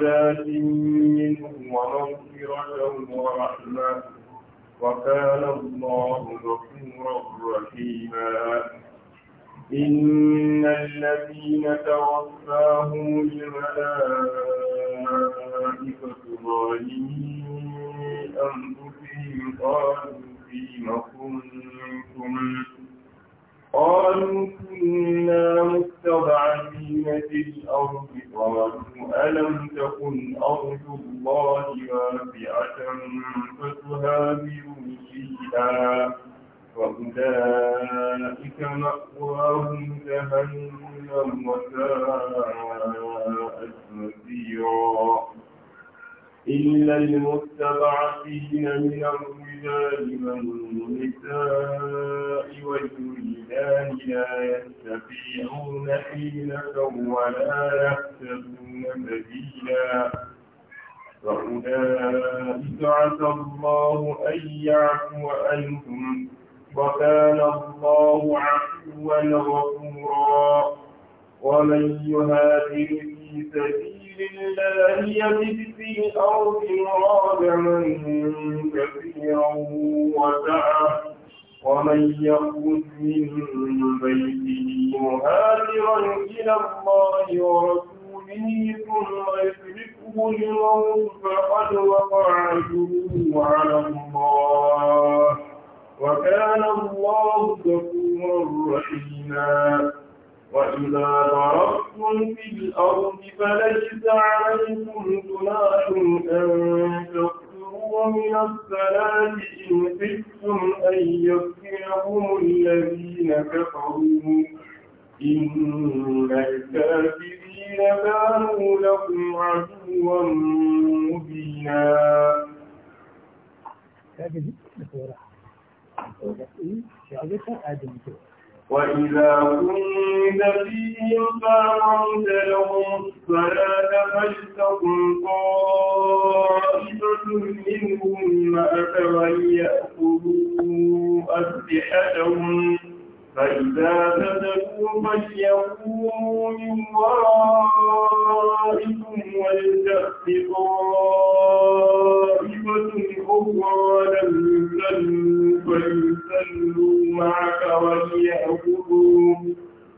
درجات منه ومغفرة ورحمة وكان الله غفورا رحيما إن الذين توفاهم الملائكة ظالمين أنفسهم قالوا فيما كنتم قالوا كنا مستضعفين زينة الأرض قالوا ألم تكن أرض الله واسعة فتهاجروا فيها فأولئك مأواهم جهنم وساءت مسيرا إلا المستضعفين من الرجال والنساء والولدان لا يستطيعون حيلة ولا يهتدون سبيلا فأولئك عسى الله أن يعفو عنهم وكان الله عفوا غفورا ومن يهاجر في سبيل الله يجد في الأرض رابعا كثيرا وسعا ومن يخرج من بيته مهاجرا إلى الله ورسوله ثم يدركه جرا فقد وقع أجره على الله وكان الله غفورا رحيما وإذا ضربتم في الأرض فليس عليكم جناح أن تقصروا من الصلاة إن خفتم أن يفتنكم الذين كفروا إن الكافرين كانوا لكم عدوا مبينا هذه الصورة. هذه آدم كده. وإذا كنت فيهم فأمرت لهم فلا فلتكن طائفة منهم معك وليأخذوا أسلحتهم فإذا بدلوا فليقوموا من ورائكم ولتأت طائفة أخرى لم فليسلوا معك وليأخذوا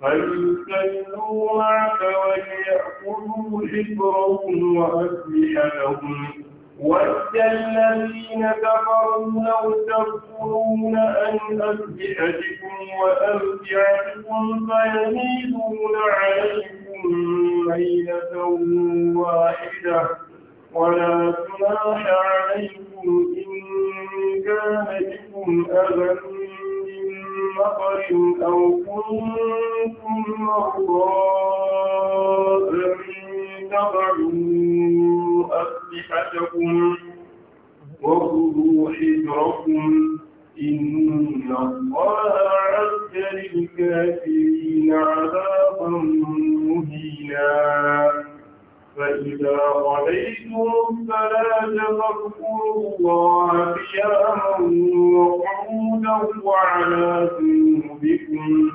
فليسلوا معك وليأخذوا حفرهم وأسلحتهم ود الذين كفروا لو تَذْكُرُونَ أَنْ أسلحتكم وأمتعتكم فيميلون عليكم ميلة واحدة ولا تُنَاحَ عليكم إن كان بكم أذى مطر أو كنتم مرضى أن تضعوا أسلحتكم وخذوا حذركم إن الله أعد للكافرين عذابا مهينا فإذا رأيتم الصلاة تذكروا الله قياما وقعودا وعلى ذنوبكم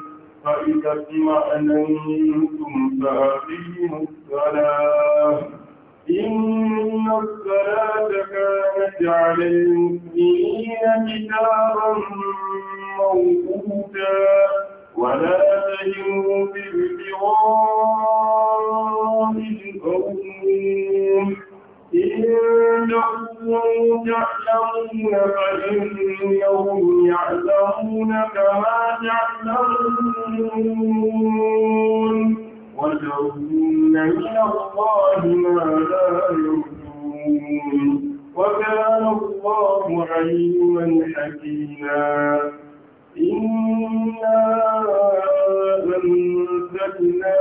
فإذا اطمأننتم فأقيموا الصلاة إن الصلاة كانت على المسلمين كتابا موقوتا ولا تهنوا في ابتغاء القوم إن تحسنوا تعلمون فإنهم يعلمون كما تعلمون وجعلن من الله ما لا يرجون وكان الله عليما حكيما إنا أنزلنا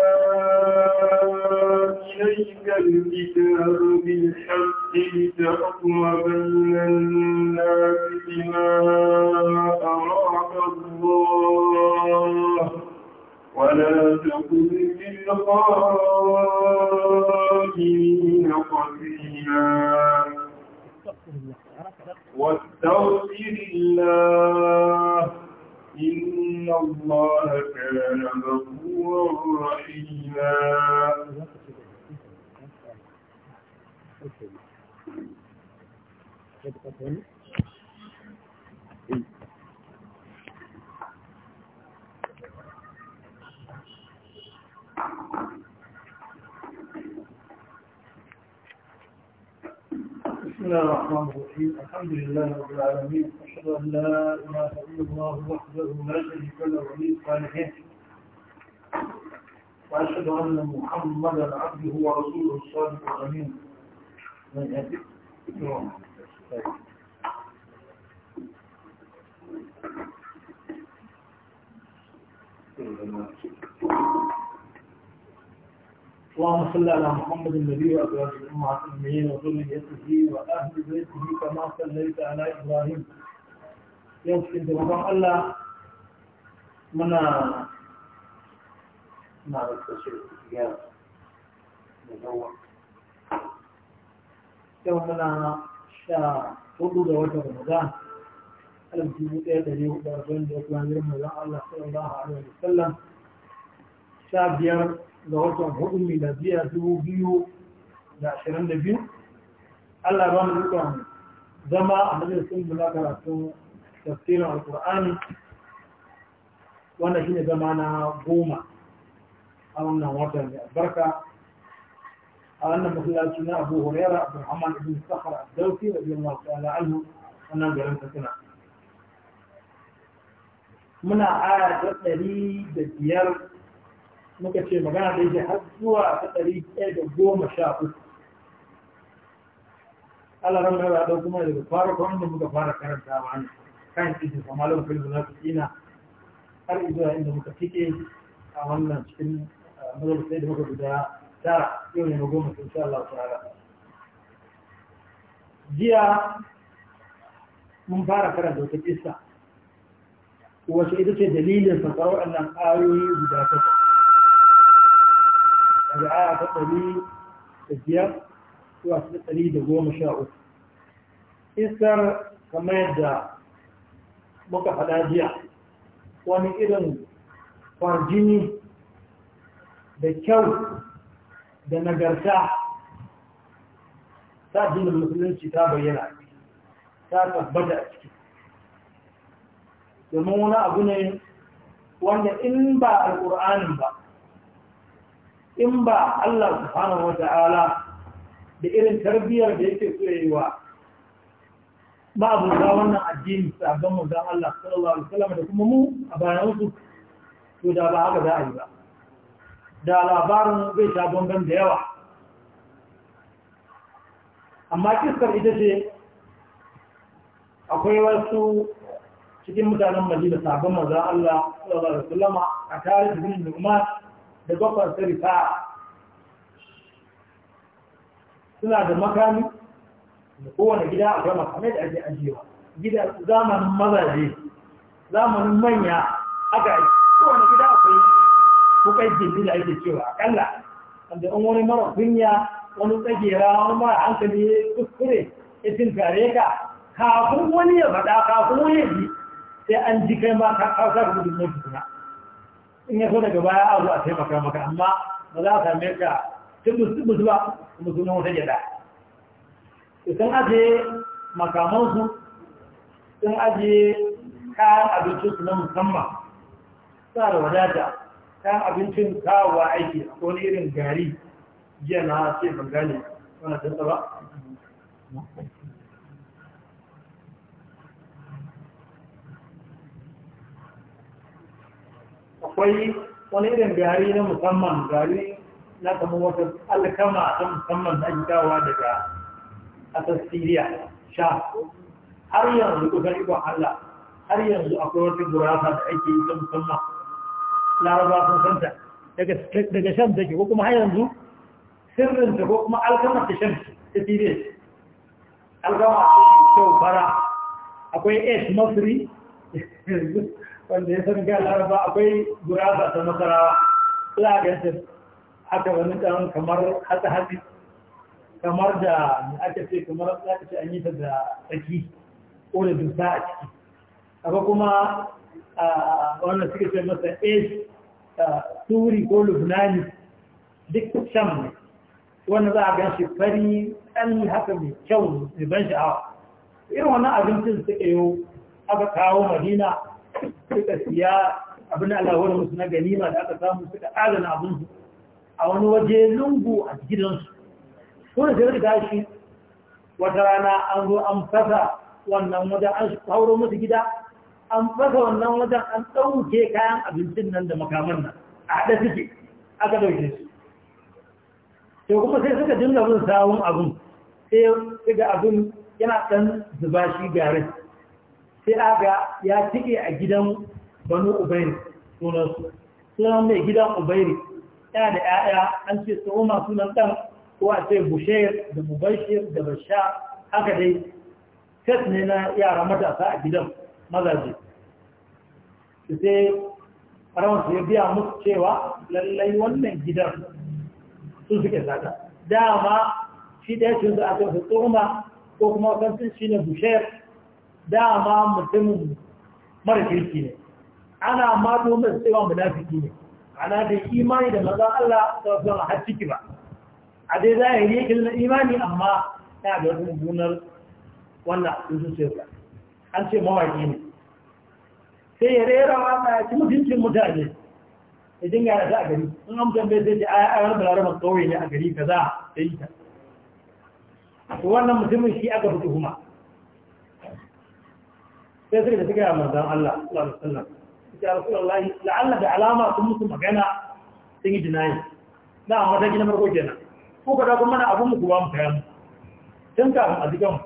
إليك الكتاب بالحق لتحكم بين الناس بما أراد الله ولا تكن للخائنين قبيلا واستغفر الله إن الله كان غفورا رحيما بسم الله الرحمن الرحيم الحمد لله رب العالمين أشهد أن لا إله إلا الله وحده أخرجه وأشهد أن محمدا عبده ورسوله الصادق الأمين من أبي اللهم صل على محمد النبي وأزواج الأمة المؤمنين وذريته وأهل بيته كما صليت على إبراهيم يوم في الله muna na da kashe ya da yawa yau muna sha hudu da wata ramadan alif dubu ɗaya da ne hudu arba'in da kuma yin mazan allah sallallahu alaihi wa sallam sha biyar da watan hudu miladiya dubu biyu da ashirin da biyu allah ba mu dukkan zama a majalisun mulakar karatun tafsirin alkur'ani Wanda shine zama na goma a wannan wata mai albarka a wannan masallaci na abu huraira abdurrahman ibn sakhar ad-dawsi radiyallahu ta'ala anhu wannan garin katsina muna aya ta ɗari da biyar muka ce magana da yake har zuwa ta ɗari ɗaya da goma sha uku Allah ran mai ba kuma daga farakon da muka fara karanta wa ne kan cikin kamalin filin na su ina har zuwa inda muka cike a wannan cikin majalisai da muka guda tara yau ne na goma sun sha Allah ta'ala jiya mun fara karanta wata kissa wacce ita ce dalilin sa kawo wannan ayoyi guda takwas daga aya ta ɗari da biyar zuwa ta ɗari da goma sha uku iskar kamar yadda muka faɗa jiya wani irin kwarjini da kyau da nagarta ta jinin musulunci ta bayyana ta tabbata a ciki domin wani abu ne wanda in ba al'ur'anin ba in ba Allah subhanahu wa ta'ala da irin tarbiyyar da yake so babu da wannan addini sabon manzon Allah sallallahu alaihi wasallam da kuma mu a bayan su to da ba haka za a yi ba da labarin zai sha gangan da yawa amma kiskar ita ce akwai wasu cikin mutanen majina sabon manzon Allah sallallahu alaihi wasallam a tarihin Nu'man da bakwai sarifa suna da makami kowane gida a gama kamar da ake ajiyewa gida zamanin mazaje zamanin manya aka kowane gida akwai kukan jirgin da ake cewa akalla wanda in wani mara kunya wani tsagera wani mara hankali ya kuskure ya tare ka kafin wani ya faɗa kafin wani ya ji sai an ji kai ma ka da gudun mafi fitina in ya so daga baya a zuwa a taimaka maka amma ba za a same ka tubus musu ba musu na wata gyada sun ajiye makamansu sun ajiye kayan abincin su na musamman sa da wadata kayan abincin kawowa aiki a wani irin gari jiya na ce ban gane wani tatsa ba akwai wani irin gari na musamman gari na kamar wata alkama ta musamman na ake daga ƙasar siriya sha har yanzu kusan ikon allah har yanzu akwai wata gurasa da ake yi ta musamman laraba sun santa daga shan take ko kuma har yanzu sirrin ta ko kuma alkama ta shan ta siriya alkama kyau fara akwai s masri wanda ya san ga laraba akwai gurasa ta masarawa za a gantar haka wani kamar hatsa hatsi kamar da ake ce kamar ake ce an yi ta da tsaki ko da dusa a ciki aka kuma wannan suka ce masa es turi ko lubnani duk sham ne wannan za a gan shi fari ɗan haka mai kyau mai ban sha'awa irin wannan abincin suka yi aka kawo madina suka siya abin da alawar musu na ganima da aka samu suka adana abinsu a wani waje lungu a gidansu sun da sai da wata rana an zo an fasa wannan wajen an sauro musu gida an fasa wannan wajen an ɗauke kayan abincin nan da makaman nan a haɗe suke aka ɗauke su sai kuma sai suka dinga bin sawun abin sai ga abin yana ɗan zuba shi garin sai aga ya tike a gidan banu ubairi sunansu sunan mai gidan ubairi yana da 'ya'ya an ce tsohon masu nan ɗan ko a ce bushayar da mubashir da basha haka dai set ne na yara matasa a gidan mazaje su sai su ya biya musu cewa lallai wannan gidan su suke sata dama shi ɗaya shi za a ce su ko kuma wasancin shi ne bushayar dama mutumin mara kirki ne ana ma domin tsewa munafiki ne ana da imani da mazan Allah ta wasu har ciki ba a dai zahiri na imani amma ta da wata gunar wannan yusuf sai an ce mawaƙi ne sai ya rera wata ya ci mutuncin mutane ya dinga da ta a gari in an tambaye sai ce a bala rama kawai ne a gari ka za a yi ta to wannan mutumin shi aka fi tuhuma sai suka da suka yi manzan Allah sallallahu alaihi wasallam ita rasulullahi la'alla da alama sun musu magana sun yi dinayi na wata gina farko kenan ko ka dafa mana abin mu kuwa mu tun kafin a zikan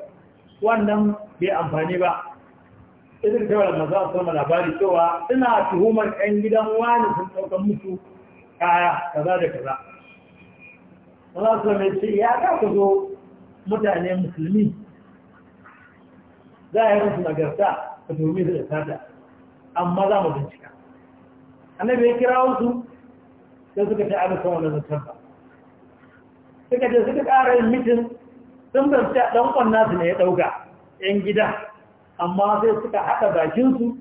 wannan bai amfani ba idan ta wala maza a sama labari cewa ina tuhumar 'yan gidan wani sun ɗaukar musu kaya kaza da kaza Allah su mai ce ya ka kuzo zo mutane musulmi za a yi musu nagarta ka tuhumi da sata amma za mu bincika annabi ya kira wasu sai suka ce abin sama da zartar ba suka je suka ƙara yin mitin sun fahimci a ɗan ƙwanna su ne ya ɗauka ‘yan gida amma sai suka haɗa bakinsu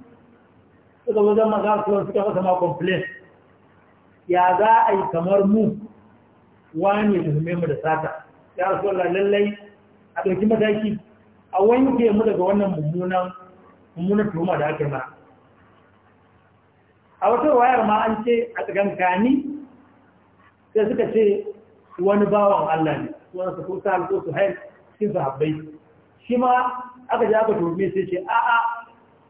suka wajen maza su suka wasa ma complain ya za a yi kamar mu wani ya tuhume mu da sata ya rasu lallai a ɗauki mataki a wanke mu daga wannan mummunan mummunan tuhuma da ake ma a wata wayar ma an ce a tsakankani sai suka ce wani bawan Allah ne wani su kusa ko su hain cikin sahabbai shi ma aka ji aka turbe sai ce a'a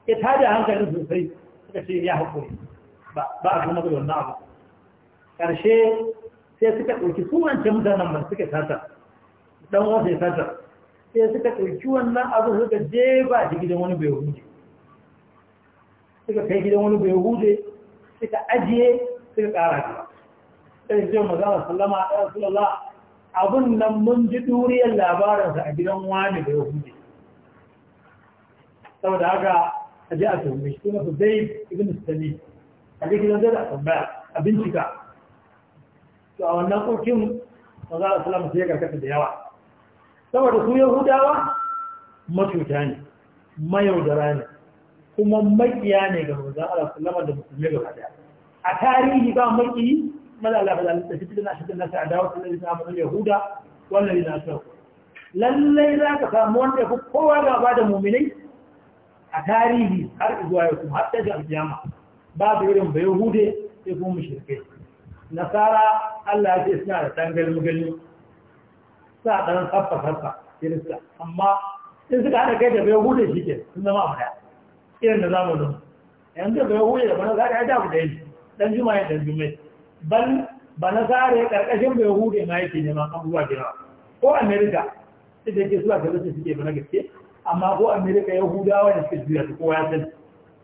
ya tada hankalin sosai suka ce ya haƙuri ba a kuma da wannan abu ƙarshe sai suka ɗauki sunancin mutanen ba suka sata ɗan wasu ya sata sai suka ɗauki wannan abu suka ba shi gidan wani bai huje suka kai gidan wani bai huje suka ajiye suka ƙara ta sai ce maza sallama a ɗaya sulala abin nan mun ji duriyar labaransa a gidan wani da ya hude saboda haka a ji a tuhumi shi kuma su zai ibn sami a ji gidan zai da tambaya a bincika to a wannan kokin maza sallama sai ya karkata da yawa saboda su yahudawa matuta ne mayaudara ne kuma makiya ne ga manzan Allah sallama da musulmi ga hada a tarihi ba maki ماذا لا فلا تجد أشد الناس عداوة الذين آمنوا اليهود والذين أشركوا lallai za ka samu wanda fi kowa gaba da muminai a tarihi har zuwa yau kuma har ta alkiyama babu irin bai hude sai kuma mushrikai nasara Allah ya ce suna da tangal mugalli sa dan kafa kafa kirista amma in suka hada kai da bai hude shike sun zama yanzu bai hude da bana za ka yi da abu da bal ba na zare karkashin bai hude ma yake neman abubuwa gina ko amerika sai da ke zuwa gaba su suke na gaske amma ko amerika ya yahudawa da suke juya su kowa ya san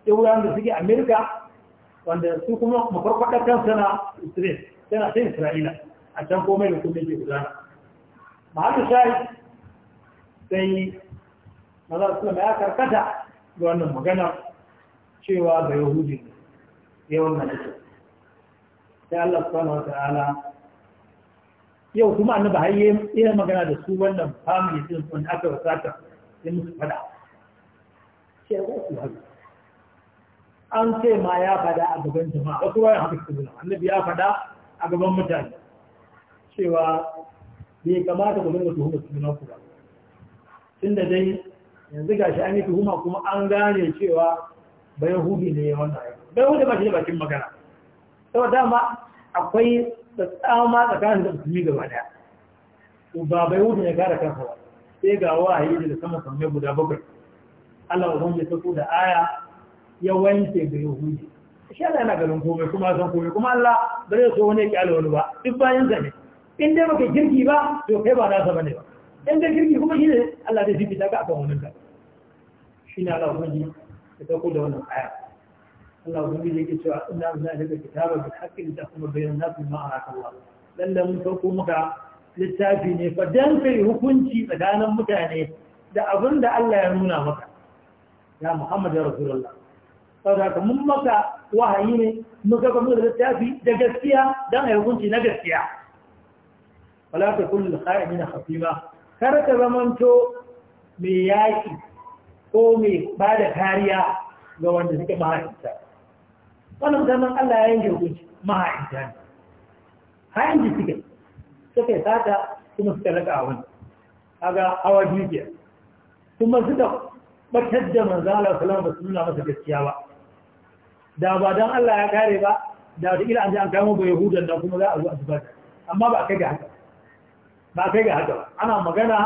yahudawa da suke amerika wanda su kuma makwarkwatar kan sana israel tana sai isra'ila a can komai da kuma yake gudana mahallu shahi sai maza su ma ya karkata ga wannan magana cewa ga yahudi ne yawan na cikin sai Allah subhanahu wa ta'ala yau kuma annabi har yi magana da su wannan family din sun aka wasata sai musu fada sai ko su haka an ce ma ya fada a gaban jama'a wasu wayan haka su nuna annabi ya fada a gaban mutane cewa bai kamata ku dinga su suna ku ba tunda dai yanzu gashi an yi tuhuma kuma an gane cewa bai hudu ne wannan aiki hudu ba shi da bakin magana sau dama akwai tsatsama tsakanin da musulmi gaba daya ba bai wuce ya kare kansa ba sai ga wahayi da sama sammai guda bakwai Allah wa ya sako da aya ya wanke ga yahudi shi Allah yana ganin komai kuma san komai kuma Allah ba so wani ya kyale wani ba duk bayan zane ne in dai baka kirki ba to kai ba nasa bane ba in dai kirki kuma shi ne Allah zai fifita ka akan wannan ka shi ne Allah wa ya sako da wannan aya Allah ubangiji yake cewa inna anzalna kitaba bil haqqi litahkuma bainan nas bima araka Allah lalle mun sauko maka littafi ne fa dan kai hukunci tsakanin mutane da abin da Allah ya nuna maka ya Muhammad ya Rasulullah saboda ka mun maka wahayi ne mun ga da littafi da gaskiya dan ai hukunci na gaskiya wala ta kullu kha'imin khafima kar ka zamanto mai yaki ko mai bada kariya ga wanda suke mahaifinta wannan zaman Allah ya yanke hukunci ma'aikata ne hain ji suke suka yi sata kuma suka raka a wani kaga hawa dukiya kuma suka batar da manzala salama ba su nuna masa gaskiya ba da ba don Allah ya kare ba da wata ila an ji an kama ba yahudan da kuma za a zo a zubar amma ba a kai ga haka ba a kai ga haka ba ana magana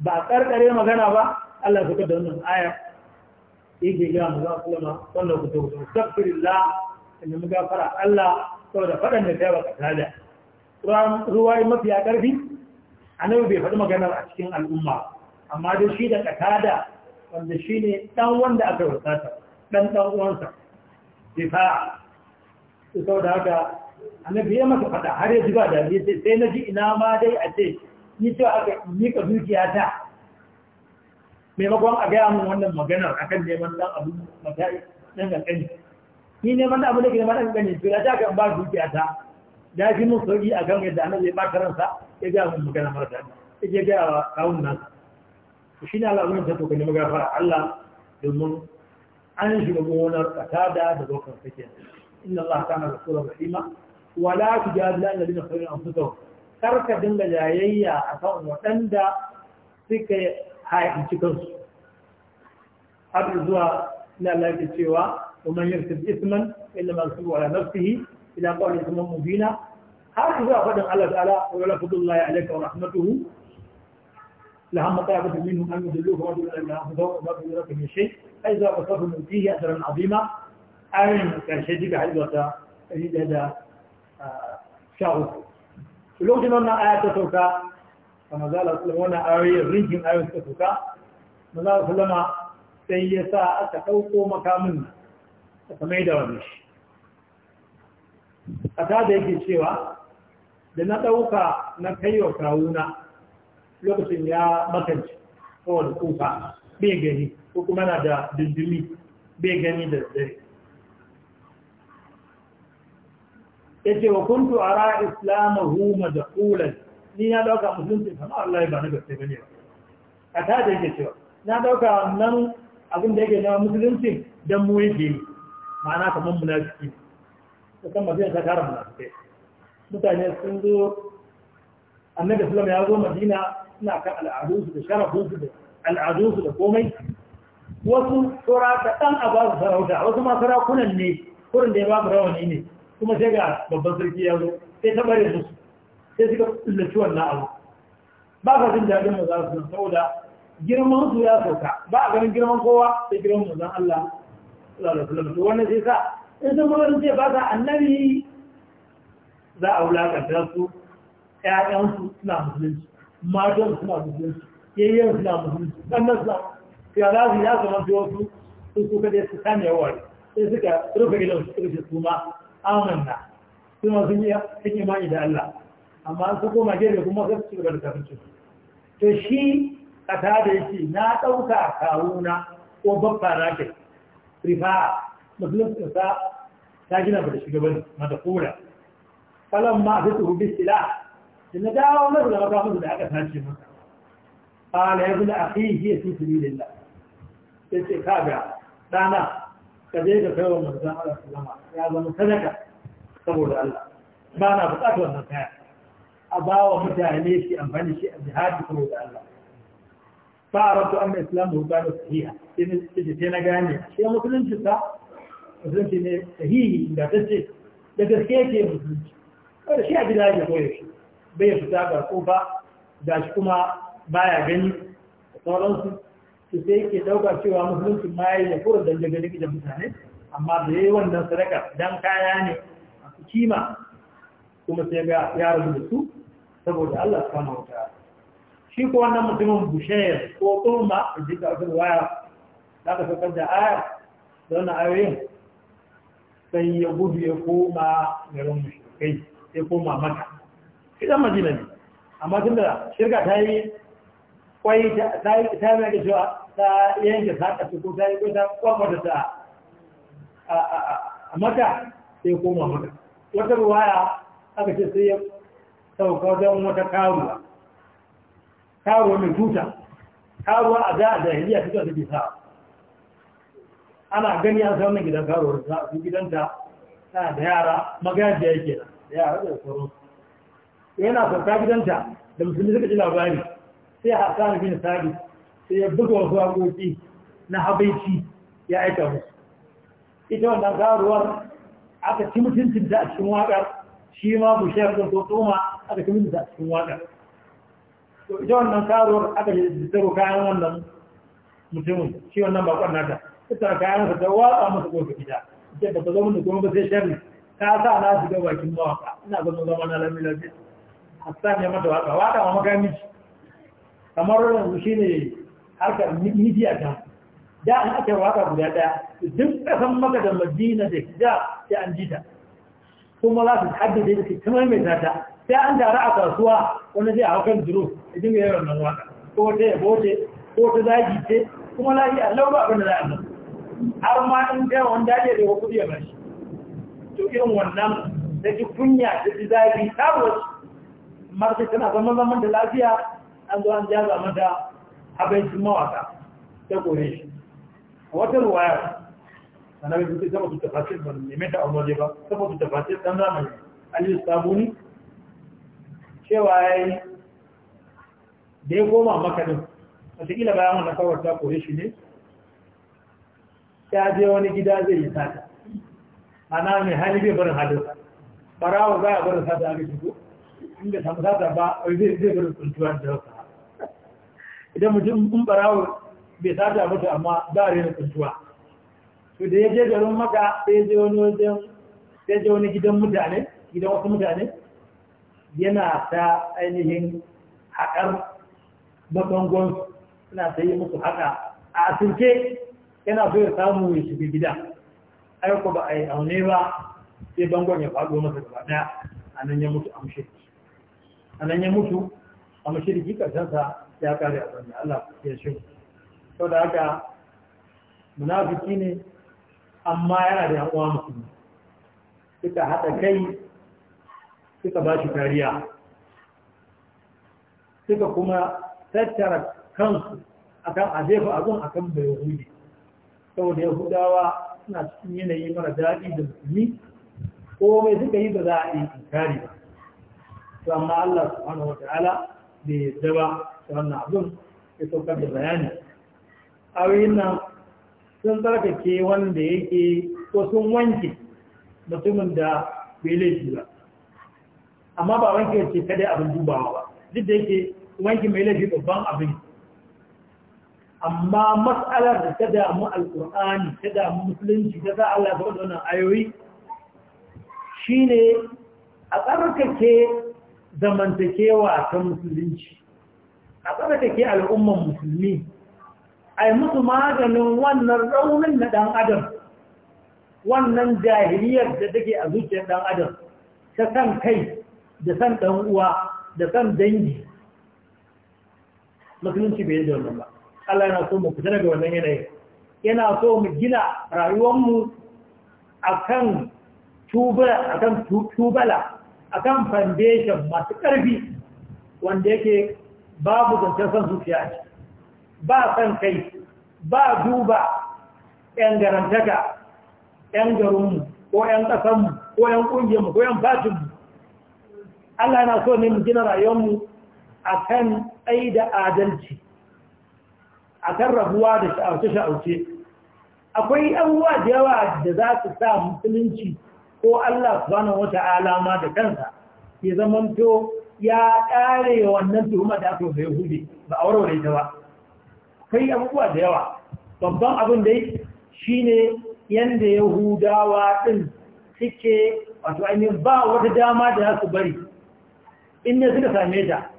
ba karkare magana ba Allah suka da wannan ayar yake gaya mu za su lama wanda ku tauta mustaghfirullah in mu gafara Allah saboda fadan da ta baka tada ruwa mafi ya karfi annabi bai faɗi maganar a cikin al'umma amma dai shi da katada wanda shi ne ɗan wanda aka wasata ɗan ɗan uwansa difa sau da haka annabi ya masa faɗa har ya ji ba da sai na ji ina ma dai a ce ni cewa aka mika dukiya ta maimakon a gaya mun wannan maganar akan neman dan abu matai dan kankani ni neman dan abu da ke neman dan kankani to da ta kan ba dukiya ta da fi mun sauki a kan yadda annabi ya bata ransa ya gaya mun magana mara ta ya ga gaya wa kawun nan shi ne Allah ta to kan nemi Allah domin an shiga gonar kasada da dokar take inna Allah kana rasulur rahima wala tujadilu alladhina khairu anfusahum karka dinga jayayya akan waɗanda suka haɗin cikin su har zuwa ina lafi cewa umar yin sabi isman ila masu wa na nafsihi ila kawai isman mubina har zuwa faɗin Allah ta'ala wa la fudu Allah ya alaka wa rahmatuhu la hamma ta yabu minhu an yudullu wa yudullu ila Allah ta'ala wa ba'du yuraka min shay ai zuwa ka safu mun fihi asran azima ayin karshe diga hadu ta ida da ah, sha'u lokacin wannan ayatu ta za a sulama wannan ayoyin rikin ayoyin suka tuka mazala sulama sai ya sa aka ɗauko makamin aka mai da wani shi a ta da yake cewa da na ɗauka na kaiwa kawuna lokacin ya makance kowane kuka bai gani ko kuma na da dindimi bai gani da dare ya ce wa kuntu a ra islamahu majakulan ni na dauka musulunci kan Allah ya na gaske bane ba a ta da yake cewa na dauka nan abin da yake na musulunci dan mu yake yi ma'ana kamar munafiki ta kan mafiyan ta kara munafiki mutane sun zo annabi sallallahu ya zo madina suna kan al'adunsu da sharafunsu da al'adunsu da komai wasu tsora ta dan a ba su sarauta wasu ma sarakunan ne kurin da ya ba su rawani ne kuma sai ga babban sarki ya zo sai ta bare musu sai suka kullaci wannan abu ba ka jin daɗin manzan su saboda girman su ya sauka ba a ganin girman kowa sai girman mu zan Allah sallallahu alaihi wannan sai sa in sun mabarin ce ba sa annabi za a wulakanta su ƴaƴansu suna musulunci matan suna musulunci yayyan suna musulunci sannan suna ya za su ya kamar su wasu sun su kada su sami yawar sai suka rufe gidan su suka ce su ma amanna su ma sun yi imani da Allah amma an ku koma gefe kuma sai ci gaba da tafi to shi kasa da yake na dauka kawuna ko babba rake rifa musulun sa ta gina ba da shugaban mata kura falon ma su rubi sila da na dawo na su gaba da aka sace masa qala ya bula akhihi fi sabilillah sai ka ga dana ka je ka kai wa manzon Allah sallama ya zama sadaka saboda Allah ba na buƙatar wannan kaya a ba wa mutane shi amfani shi a jihadi kuma da Allah fa arabtu anna islam da da sahiha in sai na gane shi musulunci sa musulunci ne sahihi da tace da gaske ke musulunci kada shi a gida ya koyo shi bai fita ga kofa da shi kuma baya gani da sauransu su sai ke dauka cewa musulunci ma yayi da kuran dan daga gidan mutane amma da yi wannan sadaka dan kaya ne a kima kuma sai ga ya rubu da su saboda Allah kama wuta shi ko wannan mutumin bushayar ko turma da jika akan waya za ka saukar da aya da wannan ayoyin sai ya gudu ya koma garin mushrikai ya koma maka idan majina ne amma tunda shirka ta yi kwai ta yi ta yi cewa ta yanke saka su ko ta yi ko ta da ta a mata sai ya koma maka wata ruwaya aka ce sai ya sauka wajen wata karuwa karuwa mai tuta karuwa a za a jahiliya fito take sa ana gani an samun gidan karuwar ta su gidanta na da yara magajiya yake da yara da sauran yana sauka gidanta da musulmi suka ji labari sai a hassan gina sabi sai ya buga wasu haƙoƙi na habaici ya aika musu ita wannan karuwar aka ci mutuncin a cikin waƙar shi ma bushiyar da so tsoma aka ta mutunta a cikin waƙar to ita wannan karuwar aka yi zaro kayan wannan mutumin shi wannan bakon nata ita kayan sa ta watsa masa kofi gida ita da ta zama da kuma ba sai sharri ta sa na shiga bakin mawaka ina zama zama na lamin lafiya hassan ne mata waka waka ma makami kamar yanzu shi ne harkar midiya ta da an ake waka guda daya duk kasan maka da madina da da sai an jita kuma za su haddade da su kamar mai zata sai an tara a kasuwa wani zai hau kan duro idan ya yi wannan wata ko ta yabo ce ko ta zagi ce kuma lafi a lau ba abin da za a nan har ma in ta yawan daji da ya kuɗi ya bashi to irin wannan da ji kunya da ji zagi ta wasu marta tana zama zama da lafiya an zo an jaza mata abincin mawaka ta kore shi a wata ruwaya sanar da suke saboda tafasir ba ne mai ta aure ba saboda tafasir ɗan zamani aliyu sabuni cewa ya yi da ya koma makaɗin wataƙila bayan wanda kawar ta kore shi ne ya je wani gida zai yi sata ana mai hali bai barin hadarsa barawa za a barin sata aka shigo inda samu sata ba a zai zai barin tsuntuwa da wasa idan mutum in barawa bai sata mutu amma za a rena tsuntuwa to da ya je garin maka sai je wani gidan mutane gidan wasu mutane yana ta ainihin haƙar mabangon suna ta yi musu haƙa a asirke. yana so ya samu ya shiga gida aiko ba a yi aune ba sai bangon ya faɗo masa gaba ɗaya a nan ya mutu a a nan ya mutu ƙarshensa ya kare a zanne Allah ya shi sau da haka munafiki ne amma yana da yan uwa musulmi suka haɗa kai suka ba shi kariya suka kuma tattara kansu akan ajefa abin akan bai hudu saboda yahudawa suna cikin yanayi mara daɗi da musulmi komai suka yi ba za a yi kari ba su amma Allah subhanahu wataala bai yadda ba ta wannan abin ya saukar da bayani ayoyin nan sun tsarkake wanda yake ko sun wanke mutumin da bai laifi ba amma ba wanke ce dai abin dubawa ba duk da yake wanke mai laifi babban abin amma matsalar da ta damu alkur'ani ta damu musulunci ta sa Allah lafi wadannan wannan ayoyi shine a tsarkake zamantakewa ta musulunci a tsarkake al'umman musulmi a yi musu maganin wannan raunin na ɗan adam wannan jahiliyar da take a zuciyar ɗan adam ta san kai da san ɗan uwa da san dangi musulunci bai yi da wannan ba Allah yana so mu fita daga wannan yanayin yana so mu gina rayuwar rayuwarmu a kan tubala a kan foundation masu ƙarfi wanda yake babu zancen son zuciya ba san kai ba duba 'yan garantaka 'yan garinmu ko 'yan ƙasanmu ko 'yan ƙungiyarmu ko 'yan fatinmu Allah na so ne mu gina rayuwarmu a kan tsaye adalci a kan rabuwa da sha'auce-sha'auce akwai abubuwa da yawa da za su sa musulunci ko Allah subhanahu wata alama da kansa ya zamanto ya ƙare wannan tuhuma da aka yi yahudi ba a warware ta ba kai abubuwa da yawa babban abin dai ne yanda yahudawa ɗin suke wato ainihin ba wata dama da za su bari in ne suka same ta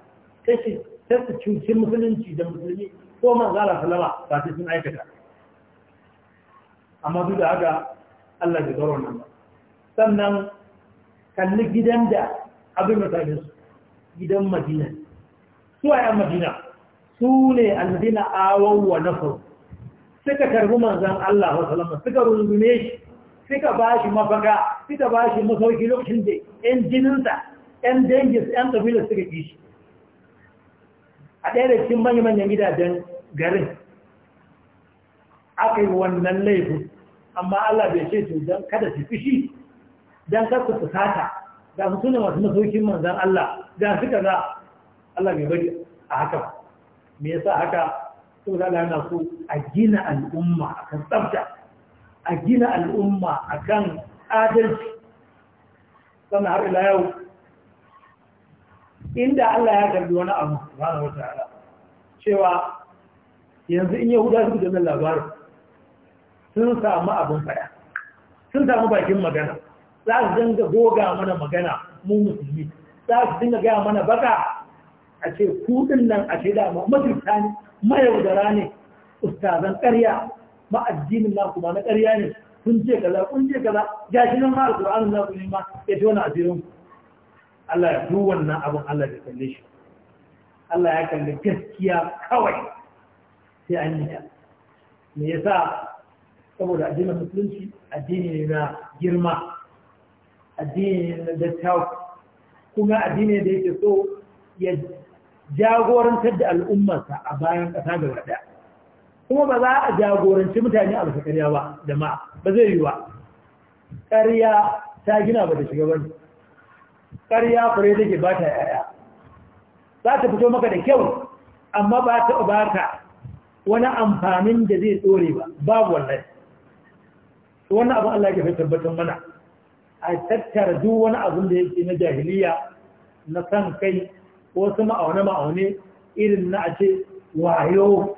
sai su cuci musulunci da musulmi ko man zala salama ba sai sun aikata amma duk da haka Allah ya zaura nan sannan kalli gidan da abin mutane su gidan Madina su a Madina su ne almadina awon na nasaru suka karbi manzan Allah wa salama suka rungume shi suka ba shi mafaka suka ba shi masauki lokacin da ‘yan jininsa ‘yan dangis ‘yan ƙabilar suka kishi. a ɗaya da cikin manya-manyan gidajen garin aka yi wannan laifin amma Allah bai ce to don kada su fishi don kasu su fusata da su suna masu masaukin manzan Allah da suka za Allah bai bari a haka me yasa haka saboda Allah yana so a gina al'umma a kan tsafta a gina al'umma a kan adalci sannan har ila yau inda Allah ya karbi wani abu subhanahu wataala cewa yanzu in yahuda suka da labarin sun samu abin fada sun samu bakin magana za su dinga goga mana magana mu musulmi za su dinga gaya mana baka a ce kudin nan a ce dama mutunta ne mayaudara ne ustazan ƙarya ma addinin na kuma na ƙarya ne kun je kaza kun je kaza gashi nan ma alƙur'anin na ku ya ce wani asirin ku Allah ya duk wannan abin Allah da kalle shi Allah ya kalli gaskiya kawai sai an yi ta me yasa saboda addinin musulunci addini ne na girma addini ne na dattawa kuma addini da yake so ya jagorantar da al'ummarsa a bayan ƙasa da wada kuma ba za a jagoranci mutane a bisa ƙarya ba jama'a ba zai yi ba ƙarya ta gina ba da shiga ba ƙarya fure take ba ta yaya za ta fito maka da kyau amma ba ta baka wani amfanin da zai tsore ba babu wannan. wannan abin Allah ke fi tabbatar mana a tattara duk wani abin da yake na jahiliya na san kai wasu ma'aune-ma'aune irin na a ce wayo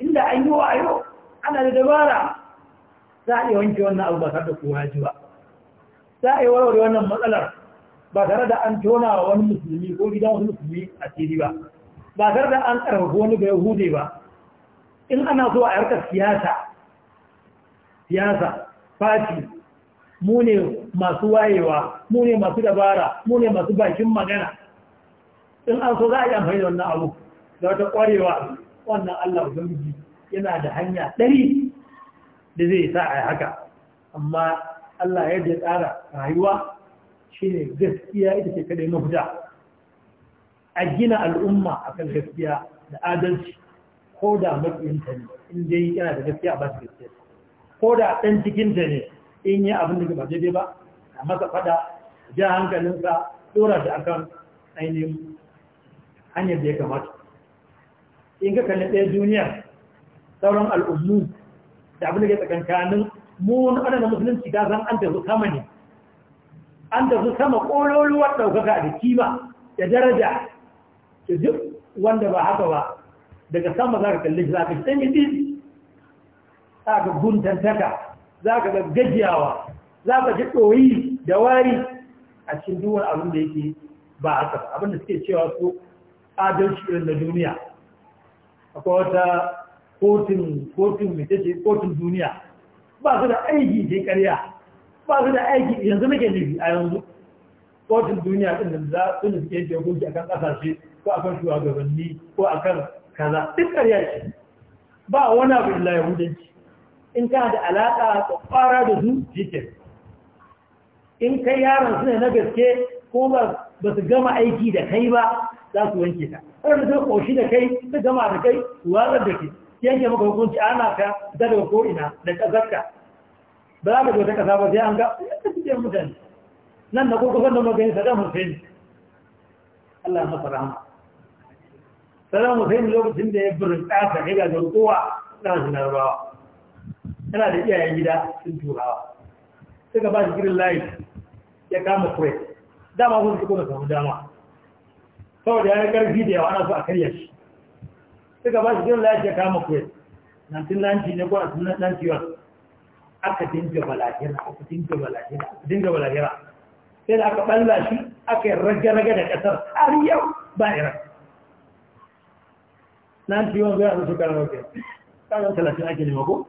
inda an yi wayo ana da dabara za a iya wanke wannan abu ba da kowa ji ba za a iya warware wannan matsalar ba tare da an tona wa wani musulmi ko gidan wani musulmi a tiri ba ba tare da an ƙarfafa wani ga yahude ba in ana so a yarkar siyasa siyasa fati mu ne masu wayewa mu ne masu dabara mu ne masu bakin magana in an so za a yi amfani da wannan abu da wata kwarewa wannan allah ubangiji yana da hanya ɗari da zai sa a haka amma allah yadda ya tsara rayuwa shine gaskiya ita ce na mafita a gina al'umma akan gaskiya da adalci ko da matsayinta ne in dai yana da gaskiya ba su gaskiya ko da ɗan cikinta ne in yi abin da ba daidai ba a masa fada ja hankalinsa tsora a akan ainihin hanyar da ya kamata in ka kalli ɗaya duniya sauran al'ummu da abin da ke tsakankanin wani adana musulunci ga san an tafi kama an da su sama ƙololuwar ɗaukaka da kima da daraja da duk wanda ba haka ba daga sama za ka kalli za ka shi za ka guntantaka za ka gaggajiyawa za ka ji ɗoyi da wari a cikin duwar abin da yake ba haka ba abin da suke cewa su adalci irin na duniya akwai wata kotun kotun mai kotun duniya ba su da aiki sai karya ba su da aiki yanzu muke nufi a yanzu kotun duniya ɗin da za su nufi yadda ya a kan ƙasashe ko a kan shugabanni ko a kan kaza duk ƙarya ce ba wani abu illa yahudanci in ka da alaƙa ƙwara da su jikin in kai yaron suna na gaske ko ba su gama aiki da kai ba za su wanke ka har da ƙoshi da kai su gama da kai wazar watsar da ke yanke maka hukunci ana ka ko ko'ina da ƙazarka ba za ka zo ta kasa ba sai an ga ta fice mutane nan na koko sannan magani saddam hussein allah ya masa rahama saddam hussein lokacin da ya burin ɗasa ya gajar kowa na su larabawa yana da iyayen gida sun turawa suka ba shi girin layi ya kama kuwait dama sun suka samu dama saboda ya yi ƙarfi da yawa ana so a karya shi suka ba shi girin layi ya kama kuwait 1990 ne ko 1991 aka dinga balahira aka dinga balahira aka dinga balahira sai da aka balla shi aka yi raga-raga da ƙasar har yau ba iran fi ciwon zai a shekara na wajen ƙasar talatin ake nema ko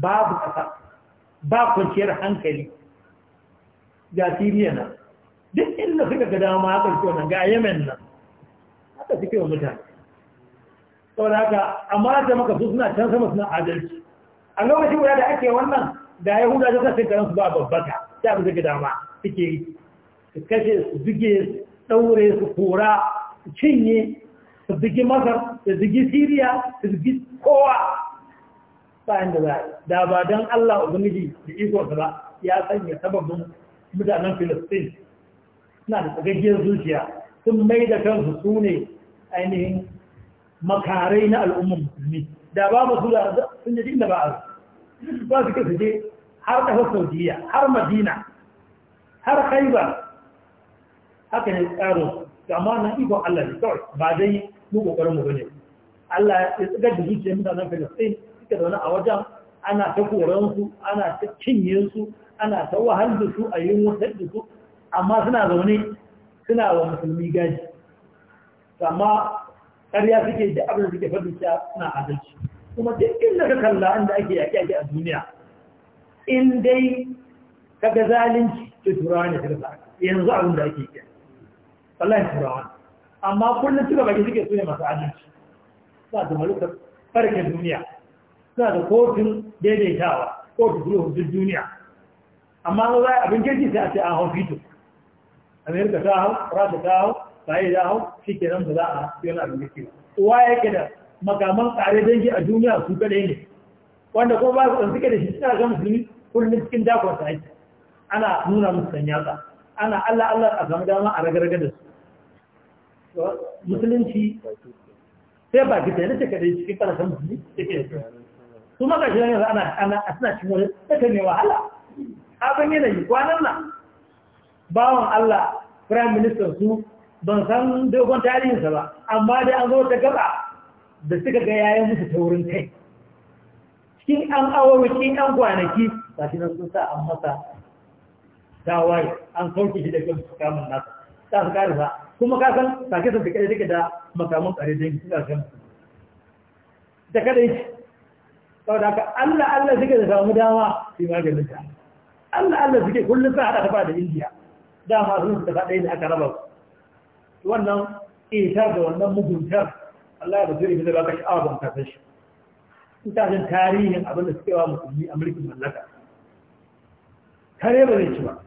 babu ƙasa ba kwanciyar hankali ga siriya na duk inda suka ga dama haka suke wannan ga yemen nan haka suke wa mutane da haka amma da maka su suna can sama suna adalci a lokacin guda da ake wannan da ya yahuda suka sai su ba babbaka ta fi suke dama suke yi su kashe su duge su ɗaure su kora su cinye su dugi masar su dugi siriya su dugi kowa ba da za da ba don allah ubangiji da ikonsa ba ya sanya sababin mutanen filistin suna da tsagaggiyar zuciya sun mai da kansu su ne ainihin makarai na al'ummar musulmi da ba mu da sun yaji da ba a ba su kasu je har ƙasar saudiya har madina har haiba haka ne tsarin ga na ikon allah ne kawai ba dai mu ƙoƙarin mu bane allah ya tsigar da zuciyar mutanen filistin suka zaune a wajen ana ta ana ta cinye su ana ta wahal da su a yi wutar da su amma suna zaune suna wa musulmi gaji amma ƙarya suke da abin da suke fadin suna adalci kuma cikin daga kalla inda ake yaƙi ake a duniya in dai kaga zalunci to turawa ne suka sa yanzu abin da ake yi wallahi turawa amma kullum suka baki suke suna masu adalci suna da malukar farkin duniya suna da kotun daidaitawa kotun sulhun duk duniya amma za a abin kirki sai a ce a hau fito amerika ta hau rasha ta hau baye ta hau shi ke nan ba za a yi wani abin kirki uwa yake da makaman tsare dangi a duniya su kadai ne wanda ko ba su suke da shi suna ga musulmi kullum cikin dakon sa ake ana nuna musu sanyatsa ana Allah Allah a samu dama a ragargar da su musulunci sai ba kita yana take da cikin kalashen musulmi take da su maka shi ne ana ana suna cikin wani take ne wahala abin yanayi kwanan nan bawan Allah prime minister su ban san dogon tarihinsa ba amma dai an zo ta gaba da suka ga yayan musu wurin kai cikin an awawa cikin an kwanaki ba shi nan sun sa an masa dawai an sauke shi da kan kamun nasa ta su karisa kuma ka san sake sun fiƙe take da makamun tsare da suka kan da kada yi da haka Allah Allah suke da samu dama su maganin ta Allah Allah suke kullum sa haɗa tafa da Indiya dama sun su tafa ɗaya da aka raba wannan ƙetar da wannan muguntar Allah ba zuri zai baka sha'awa ban kafin shi mutanen tarihin abin da suke wa musulmi a mulkin mallaka kare ba zai ci ba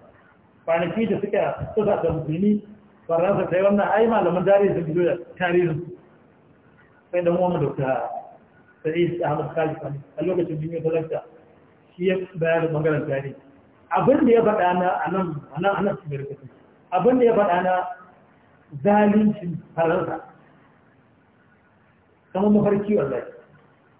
kwanaki da suka tsosa da musulmi faransa ta yi wannan ai malaman tarihi sun fito da tarihin sai dan uwan dokta sa'id ahmad khalifa a lokacin jinyar talakta shi ya bayar da bangaren tarihi abin da ya faɗa na a nan a nan a nan abin da ya faɗa na zalincin faransa kamar mafarki wallahi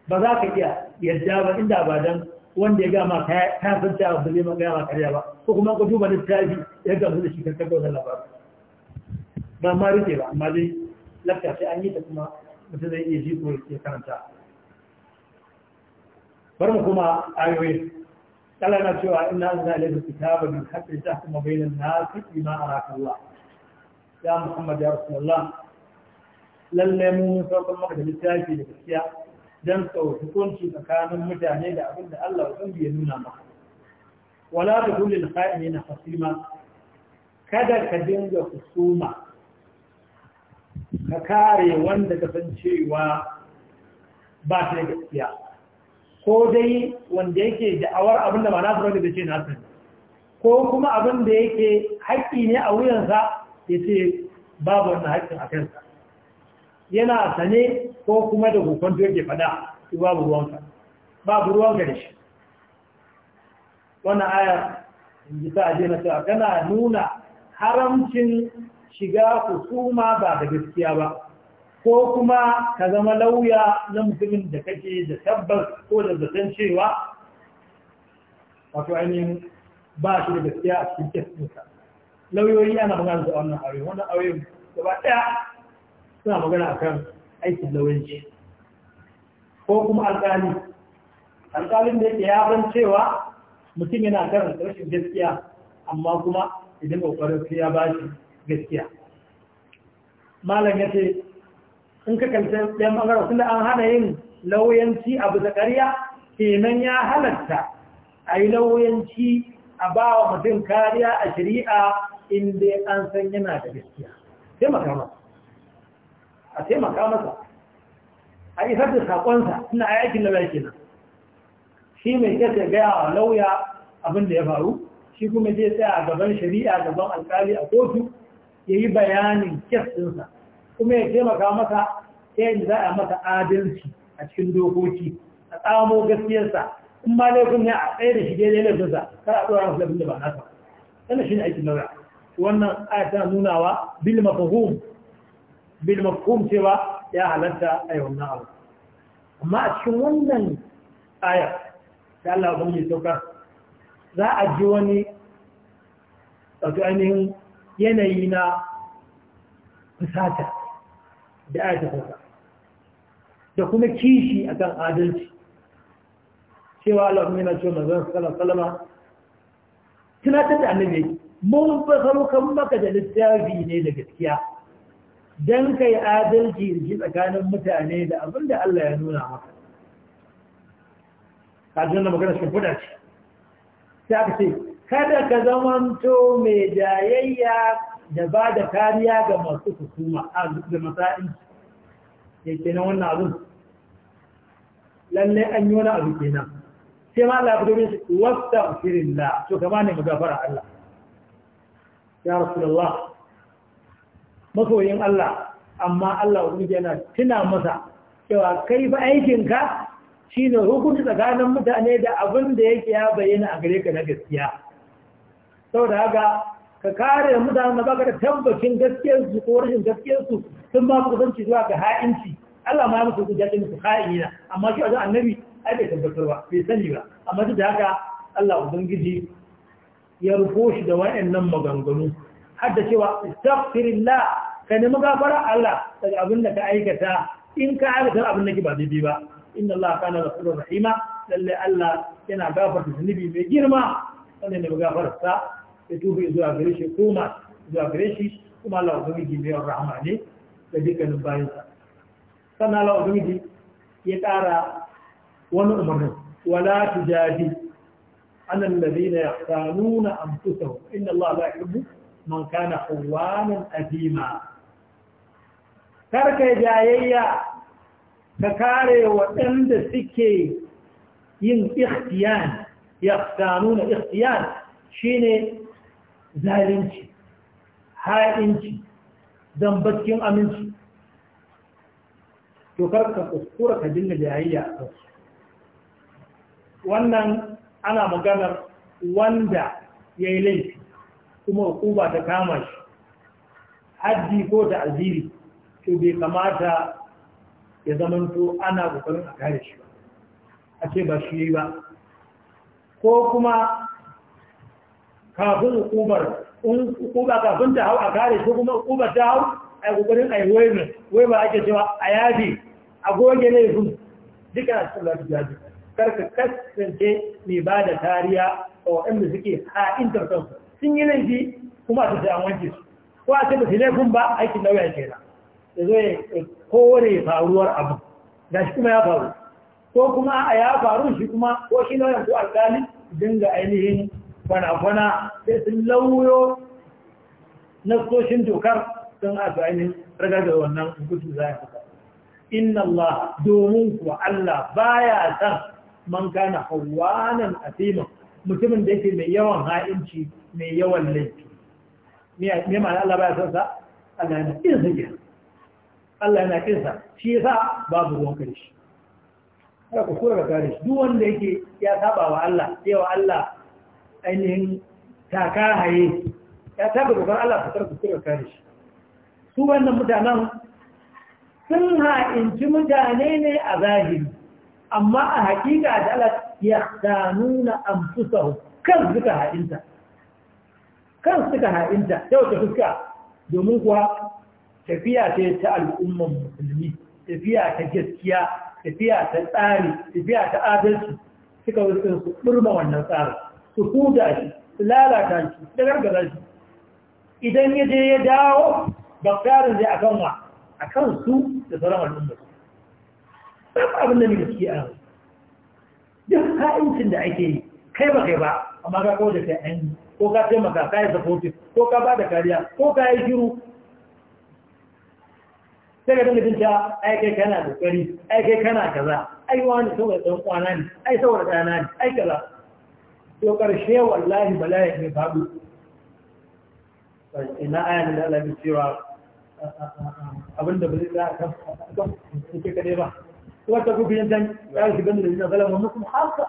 ba za ka iya yadda ba inda ba dan wanda ya gama kafin ta abu zai magana ma karya ba ko kuma ku duba littafi ya gamu da shi kan kaga wannan ba. ba ma rike ba amma dai lakka sai an yi ta kuma mutum zai iya ji ko ya karanta bar mu kuma ayoyi Allah na cewa inna anzalna ilayka kitaba bil haqqi tahkuma bainan nasi bima araka Allah ya Muhammad ya Rasulullah lallai mun saukar maka da littafi da gaskiya don sau hukunci tsakanin mutane da abin da Allah wasan ya nuna maka wala da kullu ka'ini na fasima kada ka dinga kusuma ka kare wanda ka san cewa ba ta gaskiya ko dai wanda yake da'awar abin da mana na zuwa da ce na sani ko kuma abin da yake haƙƙi ne a wuyansa ya ce babu wannan haƙƙin a kansa yana sane ko kuma da hukunto yake fada shi babu ruwanka babu ruwanka da shi wannan aya in ta aje na cewa kana nuna haramcin shiga hukuma ba da gaskiya ba ko kuma ka zama lauya na mutumin da kake da tabbas ko da zaton cewa wato ainihin ba shi da gaskiya a cikin kesinsa lauyoyi ana magana da wannan aure wannan aure gaba ɗaya suna magana akan aikin lauyanci ko kuma alkali alkalin da yake ya ban cewa mutum yana kan rashin gaskiya amma kuma idan kokarin su ya ba shi gaskiya malam ya ce in ka kalce ɗan ɓangaren tunda an hana yin lauyanci a bisa ƙarya kenan ya halatta a yi lauyanci a ba wa mutum kariya a shari'a inda an san yana da gaskiya sai makama a taimaka masa a isar da saƙonsa ina a yakin lauya kenan shi mai ya gaya wa lauya abin da ya faru shi kuma zai tsaya a gaban shari'a gaban alkali a kotu ya yi bayanin kyasinsa kuma ya taimaka masa ta yi za a masa adalci a cikin dokoki a tsamo gaskiyarsa in ma laifin ne a tsaye da shi daidai laifinsa kar a ɗora masa laifin da ba nasa wannan shi ne aikin lauya wannan aya tana nunawa bil mafahum bil mafhum cewa ya halatta a yi wannan abu amma a cikin wannan aya da Allah ban yi sauka za a ji wani tsakanin yanayi na fusata da aya ta sauka da kuma kishi akan adalci cewa Allah kuma na cewa manzon sallallahu Salama tunatar da annabi mun fasaro maka da littafi ne da gaskiya don ka yi adalci da tsakanin mutane da abin da Allah ya nuna maka kajin da magana shi fuda ce ta ka ce kada ka zamanto mai jayayya da ba da kariya ga masu hukuma a da masa'in ya ke na wannan abin lallai an yi wani abu kenan sai ma Allah ya fito min wasta firin la to kamar ne mu gafara Allah ya Rasulullah, masoyin Allah amma Allah ubangiji yana tuna masa cewa kai fa aikinka shi ne hukunci tsakanin mutane da abin da yake ya bayyana a gare ka na gaskiya Sau da haka ka kare mutane na baka da tabbacin gaskiyar su ko rashin gaskiyarsu sun ba ku kusanci zuwa ga ha'inci Allah ma ya musu hujja din su ha'ina amma shi wajen annabi ai bai tabbatar ba bai sani ba amma duk da haka Allah ubangiji ya rufo shi da wa'annan maganganu hadda cewa istaghfirillah ka nemi gafara Allah daga abin da ka aikata in ka aikata abin da ke ba daidai ba inna Allah kana ghafurur rahima lalle Allah yana gafarta zunubi mai girma wanda ne gafarta sa ya tuba zuwa gare shi kuma zuwa gare shi kuma Allah ubangiji mai rahama ne da dukkanin sa sannan Allah ubangiji ya ƙara wani umarni wala tujadi anan ladina yahsanuna anfusahum inna Allah la yuhibbu man kana kowanin azima karka jayayya ka kare waɗanda suke yin ikhtiyan ya kanuna ikhtiyan shine zalunci ha'inci zambakin aminci to ka kuskura ka dinga jayayya a wannan ana maganar wanda ya yi laifi kuma hukuma ta kama shi haddi ko ta aziri to bai kamata ya zamanto ana kokarin a kare shi ba a ce ba shi ba ko kuma kafin hukumar hukuma kafin ta hau a kare shi kuma hukumar ta hau a kokarin a yi waimin wai ba ake cewa a yafi a goge laifin duka a cikin jaji karka kasance mai ba da kariya a waɗanda suke ha'intar kansu sun yi laifi kuma a sai an wanke su ko a ce ba su laifin ba aikin nauyi ake na da zo ya kore faruwar abu da shi kuma ya faru ko kuma a ya faru shi kuma ko shi lauyan ko alkali dinga ainihin kwana-kwana sai sun lauyo na soshin dokar don a su ainihin ragar da wannan gudu za ya fita inna Allah domin kuwa Allah baya san man kana hawanan asimin mutumin da yake mai yawan ha'inci mai yawan laifi me ma Allah baya son sa Allah yana kin sa Allah yana kin sa shi yasa babu ruwan kare shi kada ku kura da kare shi duk wanda yake ya saba wa Allah yawa Allah ainihin taka haye ya taka dokar Allah ku kura kare shi su wannan mutanen sun ha'inci mutane ne a zahiri amma a hakika da Allah yahtanuna anfusahum kan suka ha'inta kan suka ha'inta ta wata fuska domin kuwa tafiya ce ta al'umman musulmi tafiya ta gaskiya tafiya ta tsari tafiya ta adalci suka wuce su burma wannan tsarin su huda shi su lalata shi da gargaza shi idan ya je ya dawo bakarin zai akan wa akan su da sauran al'umma su abin da duk ka'incin da ake yi kai ba kai ba amma ka kawo da kai an yi ko ka taimaka ka yi supportive ko ka ba da kariya ko ka yi shiru sai ka dinga jin ta ai kai kana kokari ai kai kana kaza ai wani saboda dan kwana ne ai saboda dana ne ai kaza to karshe wallahi bala'i ne babu ina aya ne da Allah cewa abinda ba zai za a kan suke kade ba wata ku fiye dan ya shiga da jina zalama musu haka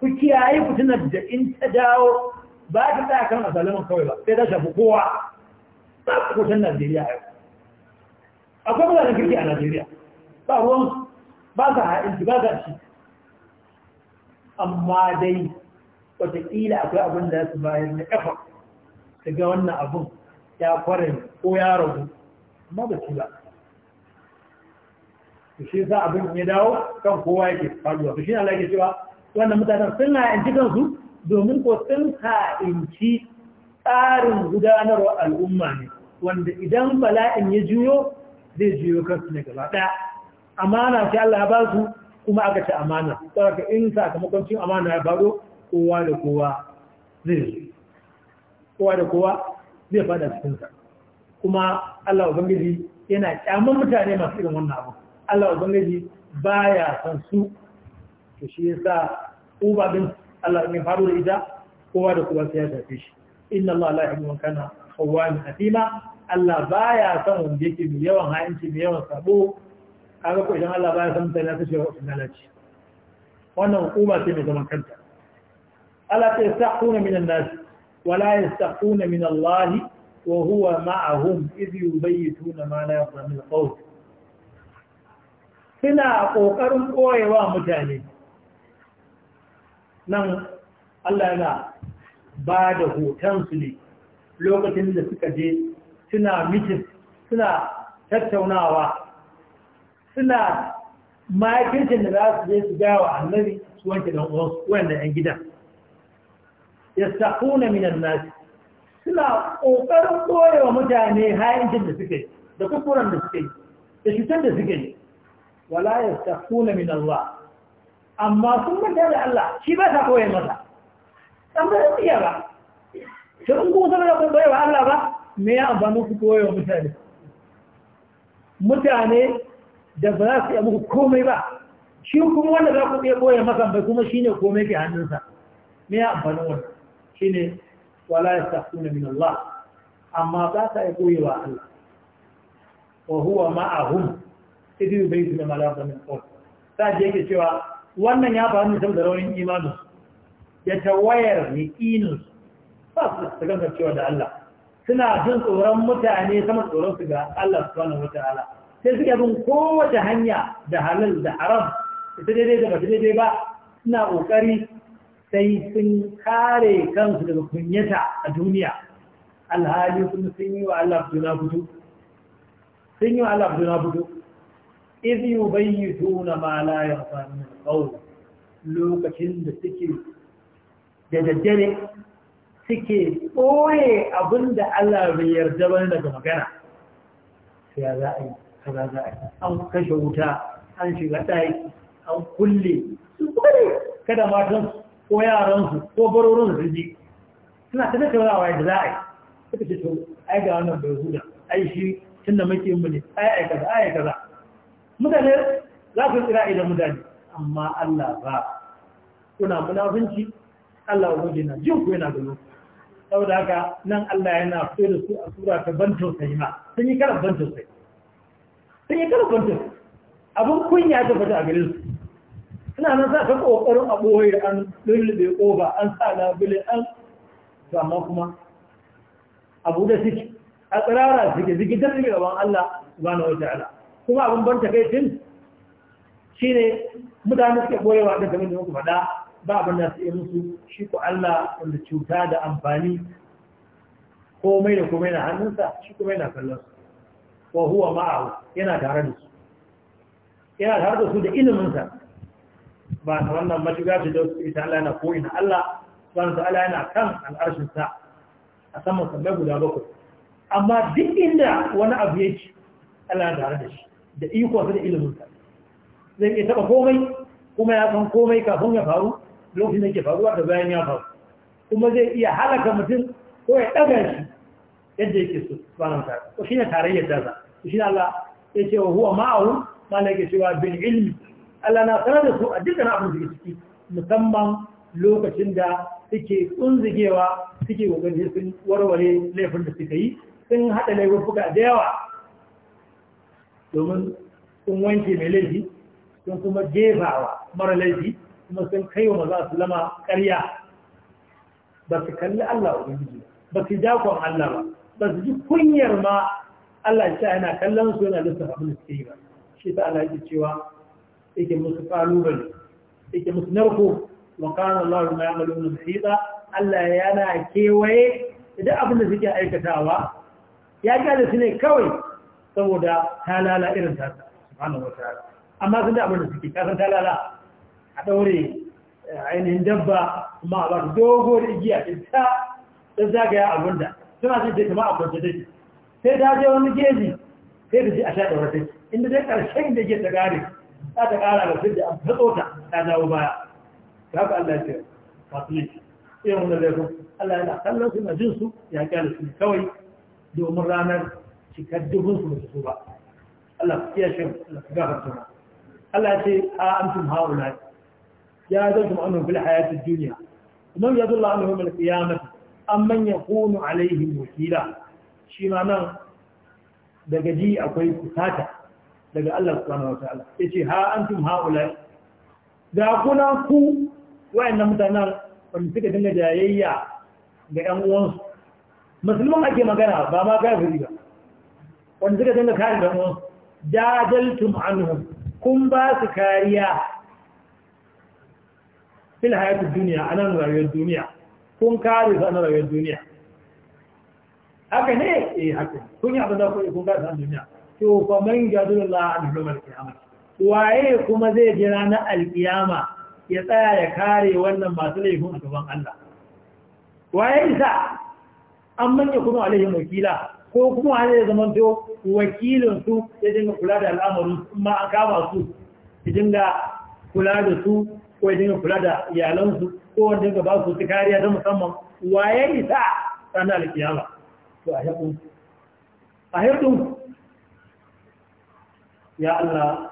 ku kiyaye ku fitinar da in ta dawo ba ta tsaya kan asalaman kawai ba sai ta shafi kowa ba ku kusan Najeriya yau akwai mutanen kirki a Najeriya ba ruwan ba sa ha'inci ba sa shi amma dai wataƙila akwai abin da su bayar na ƙafa daga wannan abin ya kware ko ya rabu amma ba shi ba shi yasa abin ya dawo kan kowa yake faruwa to shi Allah yake cewa wannan mutanen sun ha'inci kansu domin ko sun ha'inci tsarin gudanarwa al'umma ne wanda idan bala'in ya juyo zai juyo kansu ne gaba ɗaya amana sai Allah ya ba su kuma aka ci amana saboda in sakamakon cin amana ya faɗo kowa da kowa zai zo kowa da kowa zai faɗa cikinsa kuma Allah ubangiji yana kyaman mutane masu irin wannan abu Allah ba ya san su to shi yasa uba bin Allah ne faru da ita kowa da kowa sai ya tafi shi inna Allah la yuhibbu man kana khawwan atima Allah ba ya san wanda yake mai yawan ha'inci mai yawan sabo kaga ko idan Allah ba ya san mutane ta shiga wannan lalaci wannan hukuma ce mai zaman kanta Allah ta yastaquna min an-nas wa la yastaquna min Allah wa huwa ma'ahum idh yubayituna ma la yarda min al-qawl suna ƙoƙarin ɓoyewa mutane nan Allah yana ba da hotonsu ne lokacin da suka je suna mitin suna tattaunawa suna makircin da za su je su wa annabi su wanke don wanda 'yan gida ya sakuna minan nasi suna ƙoƙarin ɓoyewa mutane hayancin da suke da kukuran da suke da cutar da suke wala yastakhuna min Allah amma sun manta da Allah shi ba ta koyar masa dan ba iya ba to in ku sanar da koyar wa Allah ba me ya amfani ku koyar mutane mutane da ba za su yi muku komai ba shi kuma wanda za ku iya koyar masa bai kuma shine komai ke hannunsa me ya amfani wannan shine wala yastakhuna min Allah amma ba ta koyewa Allah wa huwa ma'ahum idu bai su da malaka min kawai sa ji yake cewa wannan ya ba mu saboda raunin imanin ya tawayar yaƙinin ba su su gangar cewa da Allah suna jin tsoron mutane sama tsoron su ga Allah subhanahu wataala sai suke bin kowace hanya da halal da haram ita daidai da bata daidai ba suna kokari sai sun kare kansu daga kunyata a duniya alhali sun yi wa Allah fito na fito sun yi wa Allah fito na fito iz yubayyituna ma la yarda min qawl lokacin da suke da daddare suke ɓoye abinda da Allah bai yarda daga magana sai ya za yi kaza za an kashe wuta an shiga ɗaki an kulle su kware kada matan ko yaransu ko barorin su suna ta tattaunawa yadda za a yi suka ce to ai ga wannan bai huda ai shi tun da muke mu ne ai ai kaza mutane za su tsira idan mutane amma Allah ba kuna munafunci Allah wa gode na jin ku yana gano saboda haka nan Allah yana fito da su a sura ta ban tausayi ma sun yi karan ban tausayi sun yi karan ban tausayi abin kunya ta fata a gare su suna nan za ka kokarin a boye an lullube koba an sa labule an to amma kuma abu da suke a tsirara suke zikitar gaban Allah subhanahu wa ta'ala kuma abin ban takaicin shi ne mutane suke koyewa da game da faɗa ba abin da su yi musu shi ko Allah wanda cuta da amfani komai da komai na hannunsa shi kuma yana kallon su wa huwa ma'ahu yana tare da su yana tare da su da iliminsa ba ta wannan mashiga ce da su ita Allah yana ko'ina Allah su Allah yana kan al'arshinsa a saman sammai guda bakwai amma duk inda wani abu yake Allah yana tare da shi da iko da ilimin sa zai iya taba komai kuma ya san komai kafin ya faru lokacin da ke faruwa da bayan ya faru kuma zai iya halaka mutum ko ya daga shi yadda yake so subhanahu ta ko shine tarayyar daza shi Allah ya ce wa huwa ma'ahu malaka cewa bin ilmi Allah na sanar da su a dukkan abin da ciki musamman lokacin da suke kunzigewa suke kokarin sun warware laifin da suka yi sun hada laifuka da yawa domin sun wanke mai laifi sun kuma jefawa mara laifi kuma sun kai wa maza su lama karya, ba su kalli Allah ubangiji ba su kwan Allah ba ba su ji kunyar ma Allah ya yana kallon su yana lissa abin da suke yi ba shi ta Allah yake cewa yake musu kalubale yake musu narko wa kana Allah ma ya'maluna muhita Allah yana kewaye Idan abin da suke aikatawa ya kyale su ne kawai saboda talala irin ta subhanahu wataala amma sun da abin da suke kasan talala a daure eh, ainihin dabba kuma a ba dogo da igiya ta ta ta zagaya abin da suna ce da kama a da take sai ta je wani gezi sai da shi a sha ɗaura take inda dai ƙarshen da ke ta gare za ta ƙara da fidda an fatso ta ta dawo baya ta haka Allah ce masu ne irin wani zai Allah yana kallon su na jin su ya kyale su kawai domin ranar cikar dubun su mutu ba Allah ya shi gafarta ma Allah ya ce a antum haula ya zantum annahum fil hayatid dunya kuma ya zulla annahum al qiyamah amman yakunu alaihim wakila shi ma nan daga ji akwai kusata daga Allah subhanahu wa ta'ala yace ha antum haula da kuna ku wayannan mutanen wanda suka dinga jayayya ga ƴan uwansu musulman ake magana ba ma kafiri ba wanda suka dinga kare da mu jadaltum anhum kun ba su kariya fil hayatud dunya anan rayuwar duniya kun kare su anan rayuwar duniya haka ne eh haka kun yi abin da kun kare su anan duniya to fa man jadalullah an yawmal qiyamah waye kuma zai jira na alkiyama ya tsaya ya kare wannan masu laifin a gaban Allah waye isa an manya kuma alaihim wakila ko kuma zai zaman to wakilin su ya dinga kula da al'amarin su ma an kama su ya dinga kula da su ko ya dinga kula da iyalansu ko wanda dinga ba su su kariya ta musamman waye isa ranar alkiyama to a yaƙun a yaƙun ya Allah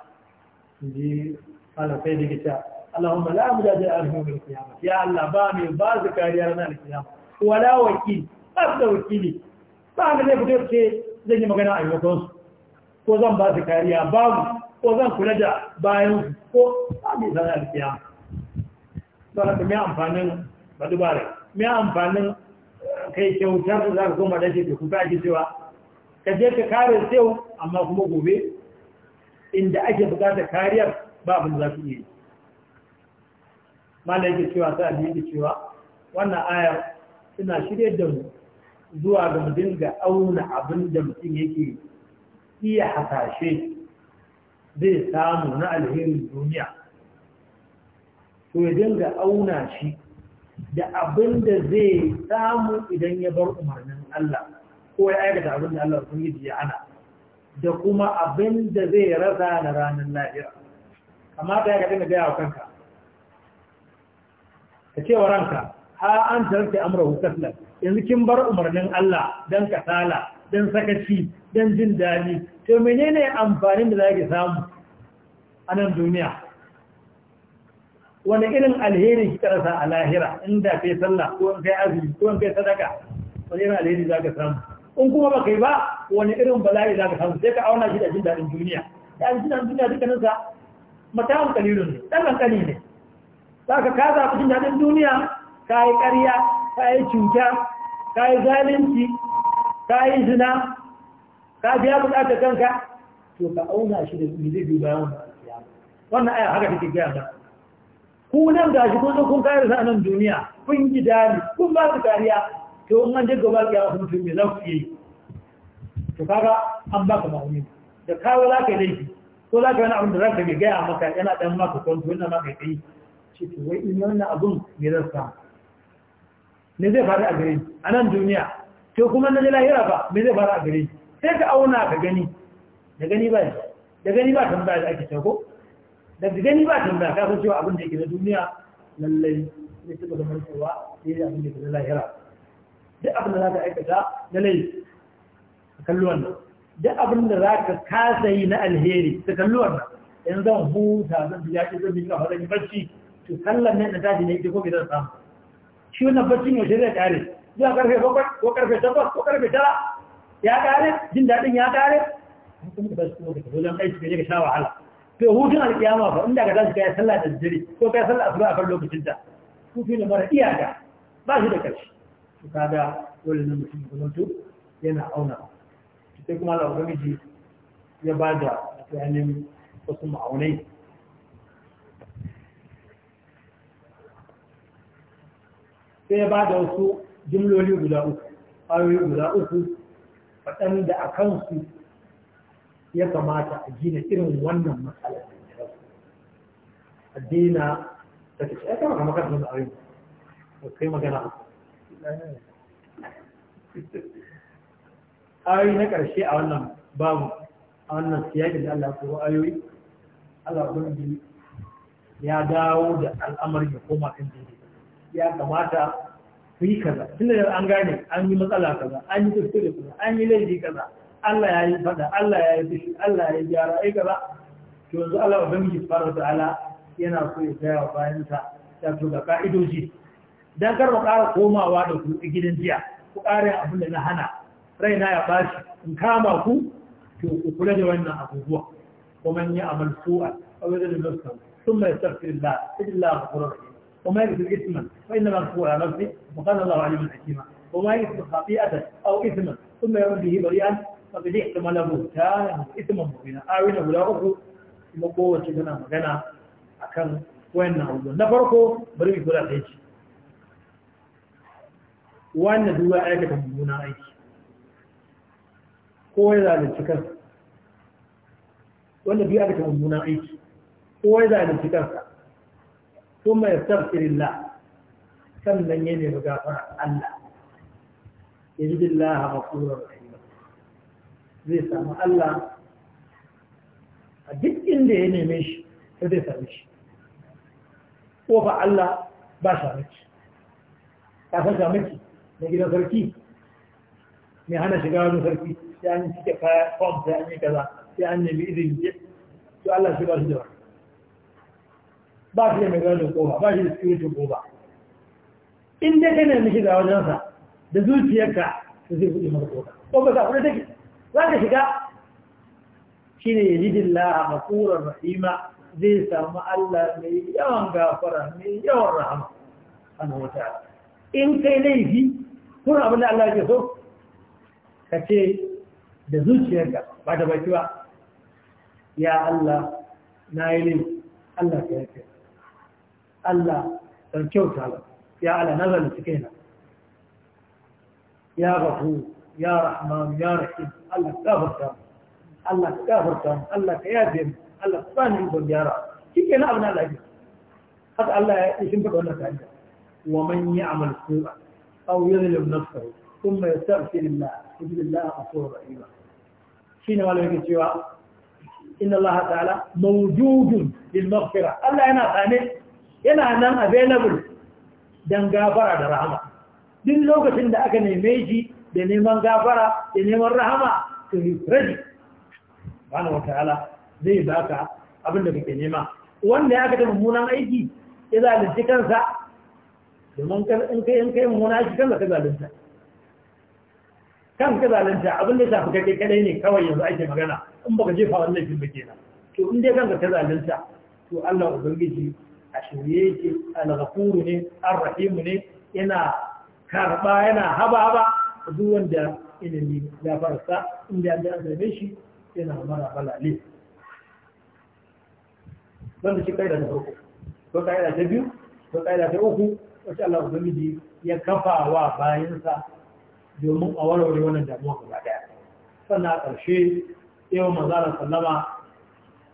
ji Allah sai da gita Allahumma la mujadil arhum bil qiyamah ya Allah ba mai ba su kariya ranar alkiyama wala wakil ba wakili ba wanda ne fito ce zan yi magana a maimakon su ko zan ba su kariya mu ko zan kula da bayan su ko abin sana da alfiya ba haka kuma amfanin ba badubare mai amfanin eh, kai kyautar da za ka koma da shi ke kufa ake cewa ka je ka kare sau amma kuma gobe inda ake bukatar kariyar ba abin za su iya yi malai ke cewa ta abin cewa wannan ayar suna shirye da mu zuwa ga mutum dinga auna abin da mutum yake iya hasashe zai samu na alherin duniya to ya dinga auna shi da abin da zai samu idan ya bar umarnin Allah ko ya aikata abin da Allah sun yi ya ana da kuma abin da zai rasa na ranar lahira kamata ya ka dinga gaya wa kanka ka ce wa ranka ha an tarke amrahu kaslan yanzu kin bar umarnin Allah dan kasala dan sakaci dan jin dadi to menene amfanin da zaki samu a nan duniya wani irin alheri ki karasa a lahira inda kai sallah ko in kai azumi ko in kai sadaka wani irin alheri zaka samu in kuma ba kai ba wani irin bala'i zaka samu sai ka auna shi da jin dadin duniya da jin dadin duniya nan sa matawan kalilun ne dan kankani ne zaka ka zaɓi jin dadin duniya ka yi ƙarya ka yi cuta ka yi zalunci ka yi zina ka biya bukatar kanka to ka auna shi da zai biyu bayan wannan aya haka take gaya ba ku nan gashi kun zo kun kare sa nan duniya kun yi dali kun ba su kariya to in an jirga ba ki a kun tun me za ku iya yi to kaga an baka ma'auni da kawo za ka yi laifi ko za ka yi abin da za ka gaya maka yana dan maka kwanto yana maka kai ce to wai in wannan abin me zan me zai faru a gare a nan duniya to kuma na lahira ba me zai faru a gare sai ka auna ka gani da gani ba da gani ba tambaya da ake tago da gani ba tambaya ka san cewa abin da yake na duniya lallai ne tuba da mantuwa sai da abin da yake na lahira duk abin da za ka aikata na lai ka kalli wannan duk abin da za ka kasa yi na alheri ka kalluwan wannan yanzu zan huta zan biya ki zan yi ka zan yi bacci to sallan nan da tashi ne ita ko bai zan samu shi wannan baccin yaushe zai kare zuwa karfe bakwai ko karfe takwas ko karfe tara ya kare jin daɗin ya kare kuma da basu kuma da wajen aiki da ya sha wahala to hutun alkiyama ba inda ka tashi kai sallah da dare ko kai sallah asuba a kan lokacin ta hutu ne mara iyaka ba shi da karshe to kaga dole ne mutum ya zanto yana auna sai kuma Allah ji ya bada ainihin wasu ma'aunai sai ya ba da wasu jimloli guda uku ayoyi guda uku waɗanda a kansu ya kamata a gina irin wannan matsalar a da ta ce ya kama kamar kasar ayoyi ba kai magana ayoyi na ƙarshe a wannan babu a wannan siyakin da Allah ko ayoyi Allah ya dawo da al'amarin ya koma kan daidai ya kamata ku yi kaza tun da an gane an yi matsala kaza an yi kuskure kaza an yi laifi kaza Allah ya yi fada Allah ya yi fushi Allah ya yi gyara ai kaza to yanzu Allah fara da ta'ala yana so ya gaya wa bayansa ta to ga ka'idoji dan kar mu ƙara komawa da ku gidan jiya ku ƙara yin abin da na hana raina ya bashi in kama ku to ku kula da wannan abubuwa kuma in yi amal su'a a wajen da nufsa sun mai sarfi Allah Allah ya وما يكتب إثما فإنما أخفو على نفسه وقال الله عليم حكيما وما يكتب خطيئة أو إثما ثم يرمي به بريئا فقد له كان إثما مبينا أعوينه لا أخو مقوة جنا مغنى أكن وين نعوذ نفرقه بريئ فلا تيجي وأن دواء أيكة مبينا أيكي ko ya zalunci kansa wanda biya da mummunan aiki ko ya zalunci kansa ثم يستغفر الله كم من يني مغافرة الله يجد الله غفورا رحيما زي سامع الله أجد إن دي إني مش فدي سامش وفع الله باشا مش كافا سامش نجد سركي نحن شغالنا تركي يعني كيف فاض يعني كذا يعني بإذن جد سؤال الله شغال جوا ba shi da mai gadon ƙofa, ba shi da sikiritin kofa in dai kai ne mai shiga wajensa da zuciyarka su zai buɗe maka ƙofa. ko ba ka kuɗe take za ka shiga shi ne ya jidin la'a makurar rahima zai samu Allah mai yawan gafara mai yawan rahama a na wata in kai laifi kun abin da Allah ke so ka ce da zuciyarka ba ta baki ba ya Allah na yi laifi Allah ka yi ألا تنكوت هذا يا على نزل سكينة يا غفور يا رحمن يا رحيم ألا تغفر كام ألا تغفر كام ألا تيادم ألا تصاني بكم يا رأى سكينة أبناء الله حتى ألا يشمتك أنك عنده ومن يعمل السوء أو يظلم نفسه ثم يستغفر الله يجب الله أفور رحيما شين ما لم يكن إن الله تعالى موجود للمغفرة ألا أنا خانئ yana nan available don gafara da rahama duk lokacin da aka neme shi da neman gafara da neman rahama to yi ready bana ala zai baka abin da kake nema wanda ya kata mummunan aiki ya zalunci kansa domin in kai in kai mummuna aiki kansa ka zalunta kan ka zalunta abin da shafi kake kadai ne kawai yanzu ake magana in baka jefa wannan fim ba kenan to in dai kanka ka zalunta to Allah ubangiji a shirye yake al ne ar ne yana karba yana haba haba duk wanda ilimi ya farsa inda an da azame shi yana mara balale wanda shi kai da farko ko kaida ta biyu ko kaida ta uku wacce Allah ubangiji ya kafa wa bayansa domin a warware wannan damuwa gaba daya sannan a ƙarshe yau manzara sallama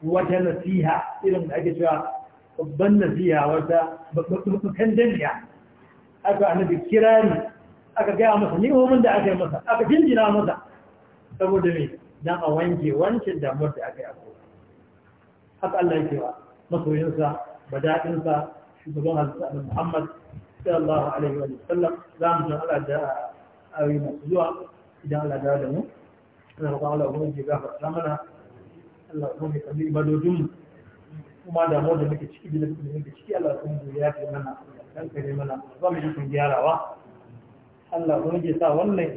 wata nasiha irin da ake cewa babban nasiya wata babban danniya aka annabi kirari aka gaya masa ni'omin da aka yi masa aka jinjina masa saboda mai dan a wanke wancan damuwar da aka yi ako haka Allah yake wa masoyinsa badaɗinsa shugaban halittar Muhammad sallallahu alaihi wa sallam za mu san Allah da ayoyi masu zuwa idan Allah da mu Allah Allah kalli ibadojinmu kuma damuwar da muke ciki da muke ciki Allah sun ya fi mana kare mana ba mu yi kun gyarawa Allah ya ke sa wannan